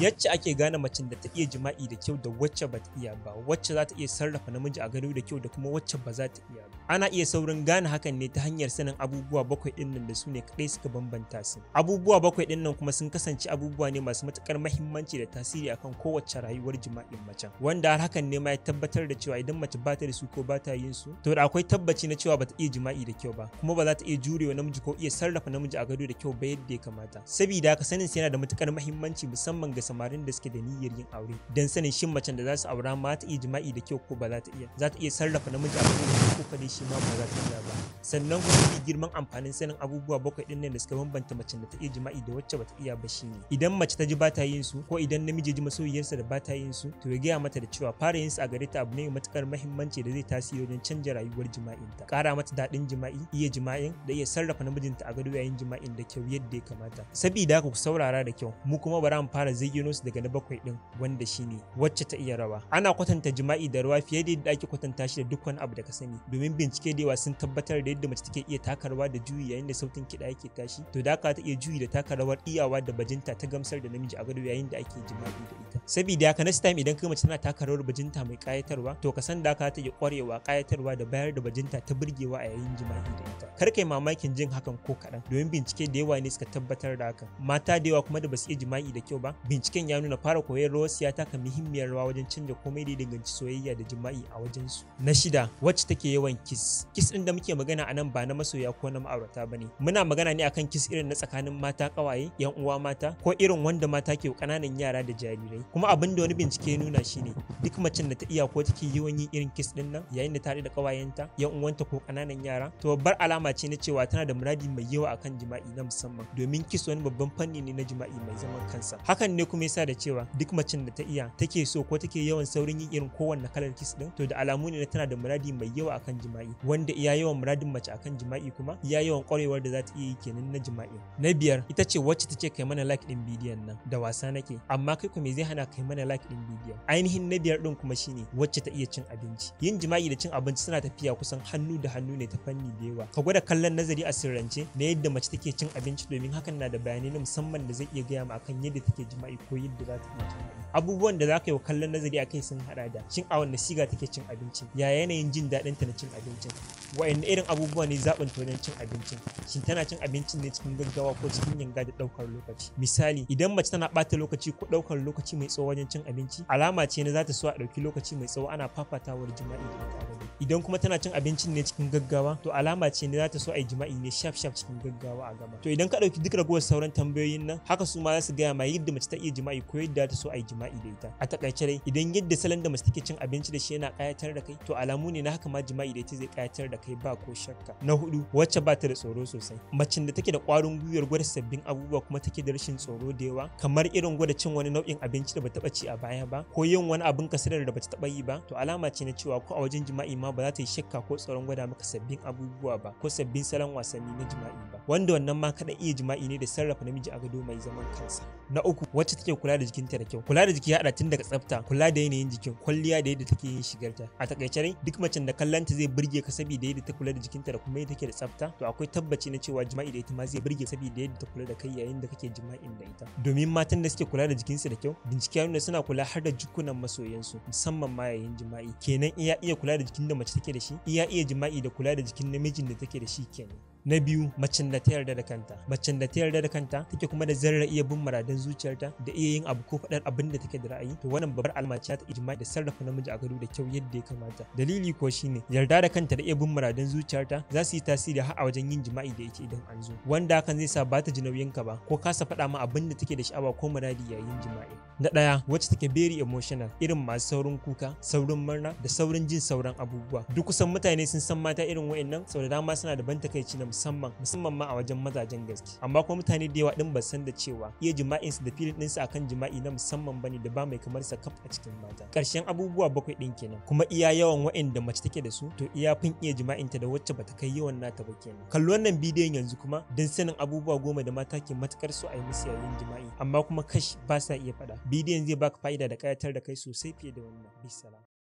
yacce ake gane macen da ta iya jima'i da kyau da wacce ba ta iya ba wacce za ta iya sarrafa namiji a gado da kyau da kuma wacce ba za ta iya ba ana iya saurin gane hakan ne ta hanyar sanin abubuwa bakwai din nan da su ne kadai suka bambanta su abubuwa bakwai din kuma sun kasance abubuwa ne masu matukar mahimmanci da tasiri akan kowace rayuwar jima'in macen wanda har hakan ne ma ya tabbatar da cewa idan mace ba ta da su ko ba ta yin su to da akwai tabbaci na cewa ba ta iya jima'i da kyau ba kuma ba za ta iya jurewa namiji ko iya sarrafa namiji a gado da kyau ba yadda ya kamata sabida haka sanin yana da matukar mahimmanci musamman ga samarin da suke da niyyar yin aure dan sanin shin macen da za su aura ma ta iya jima'i da kyau ko ba za ta iya za ta iya sarrafa namiji a ko kadai shi ma ba za ta iya ba sannan kuma mafi girman amfanin sanin abubuwa bakwai din nan da suka bambanta macen da ta iya jima'i da wacce ba ta iya ba shine idan mace ta ji ba ta yin su ko idan namiji ji masoyiyarsa da ba ta yin su to ya gaya mata da cewa fara yin su a gare ta abu ne mai matukar mahimmanci da zai tasiri wajen canja rayuwar jima'in ta. kara mata daɗin jima'i iya jima'in da iya sarrafa namijinta a gado yayin jima'in da kyau yadda ya kamata sabida ku saurara da kyau mu kuma bara mu fara zai Yunus daga na bakwai din wanda shi ne wacce ta iya rawa ana kwatanta jima'i da rawa fiye da yadda ake kwatanta shi da duk wani abu da ka sani domin bincike da yawa sun tabbatar da yadda mace take iya taka rawa da juyi yayin da sautin kiɗa yake tashi to da ta iya juyi da taka rawar iyawa da bajinta ta gamsar da namiji a gado yayin da ake jima'i da ita sabida haka next time idan kai mace tana taka rawar bajinta mai kayatarwa to ka san da ka ta iya kwarewa kayatarwa da bayar da bajinta ta burgewa a yayin jima'i da ita kar kai mamakin jin hakan ko kaɗan domin bincike da yawa ne suka tabbatar da haka mata da yawa kuma da basu iya jima'i da kyau ba bincike binciken ya nuna fara koyar rawar siya taka muhimmiyar rawa wajen canza komai da danganci soyayya da jima'i a wajen su na shida wacce take yawan kiss kiss din da muke magana a nan ba na masoya ko na ma'aurata bane muna magana ne akan kiss irin na tsakanin mata kawaye yan uwa mata ko irin wanda mata ke kananan yara da jarirai kuma abin da wani bincike ya nuna shine duk mace da ta iya ko take yawan yin irin kiss din nan yayin da ta da kawayenta yan uwanta ko kananan yara to babbar alama ce na cewa tana da muradi mai yawa akan jima'i na musamman domin kiss wani babban fanni ne na jima'i mai zaman kansa hakan ne kuma kuma yasa da cewa duk macen da ta iya take so ko take yawan saurin yin irin kowanne kalar kis din to da alamu ne tana da muradi mai yawa akan jima'i wanda iya yawan muradin mace akan jima'i kuma iya yawan kwarewar da za ta iya yi kenan na jima'i na biyar ita ce wacce ta ce kai mana like din bidiyon nan da wasa nake amma kai kuma zai hana kai mana like din bidiyon ainihin na biyar din kuma shine wacce ta iya cin abinci yin jima'i da cin abinci suna tafiya kusan hannu da hannu ne ta fanni da yawa ka gwada kallon nazari a sirrance na yadda mace take cin abinci domin hakan na da bayanai na musamman da zai iya gaya ma akan yadda take jima'i koyi da za ta iya abinci abubuwan da za ka yi wa kallon nazari akai sun hada da cin a wanne siga take cin abinci. ya yanayin jin daɗin ta na cin abincin wa'in irin abubuwa ne zaɓin ta wajen cin abincin shin tana cin abincin ne cikin gaggawa ko cikin yanga da ɗaukar lokaci misali idan mace tana ɓata lokaci ko ɗaukar lokaci mai tsawo wajen cin abinci alama ce na za so a ɗauki lokaci mai tsawo ana fafatawar jima'i da ita idan kuma tana cin abincin ne cikin gaggawa to alama ce ne za so a yi jima'i ne shaf shaf cikin gaggawa a gaba to idan ka ɗauki duk ragowar sauran tambayoyin nan haka su ma za su gaya ma yadda mace ta iya jima'i ko yadda ta so a yi jima'i da ita a takaice dai idan yadda salon da mace take cin abinci da shi yana kayatar da kai to alamu ne na haka ma jima'i da ita zai kayatar da kai ba ko shakka na hudu wacce ba ta da tsoro sosai macin da take da kwarin gwiwar gwada sabbin abubuwa kuma take da rashin tsoro da yawa kamar irin gwada cin wani nau'in abinci da bata ci a baya ba ko yin wani abin sanar da bata taɓa yi ba to alama ce na cewa ko a wajen jima'i ma ba za ta yi shakka ko tsoron gwada maka sabbin abubuwa ba ko sabbin salon wasanni na jima'i ba wanda wannan ma kada iya jima'i ne da sarrafa namiji a gado mai zaman kansa na uku wacce take kula da ta da kyau kula da jiki ya hada tun daga tsafta kula da yanayin jikin kwalliya da yadda take yin shigarta a takaice dai duk macen da kallanta zai burge ka da yadda ta kula da jikinta da kuma yadda take da tsafta to akwai tabbaci na cewa jima'i da ita ma zai burge da yadda ta kula da kai yayin da kake jima'in da ita domin matan da suke kula da jikin su da kyau bincike nuna suna kula har da jikunan masoyansu musamman ma yayin jima'i kenan iya iya kula da jikin da mace take da shi iya iya jima'i da kula da jikin namijin da take da shi kenan na biyu macin da ta yarda da kanta macin da ta yarda da kanta take kuma da zarra iya bin maradan zuciyarta da iya yin abu ko faɗar abin da take da ra'ayi to wannan babbar alama ta jima'i da sarrafa namiji a gado da kyau yadda ya kamata dalili ko shine yarda da kanta da iya bin maradan zuciyarta za su yi tasiri har a wajen yin jima'i da yake idan an zo wanda hakan zai sa ba ta ji nauyin ba ko kasa faɗa ma abin da take da sha'awa ko muradi yayin jima'i na ɗaya wacce take very emotional irin masu saurin kuka saurin murna da saurin jin sauran abubuwa duk kusan mutane sun san mata irin wa'annan sau da dama suna da ban takaici na musamman musamman ma a wajen mazajen gaske amma kuma mutane da yawa din ba san da cewa iya jima'in su da filin din su akan jima'i na musamman bane da ba mai kamar sa kaf a cikin mata karshen abubuwa bakwai din kenan kuma iya yawan wa'anda mace take da su to iya fin iya jima'in ta da wacce bata kai yawan nata ba kenan kallo wannan bidiyon yanzu kuma don sanin abubuwa goma da mata ke matukar so a yi musu yayin jima'i amma kuma kash ba sa iya faɗa bidiyon zai baka fa'ida da kayatar da kai sosai fiye da wannan bisala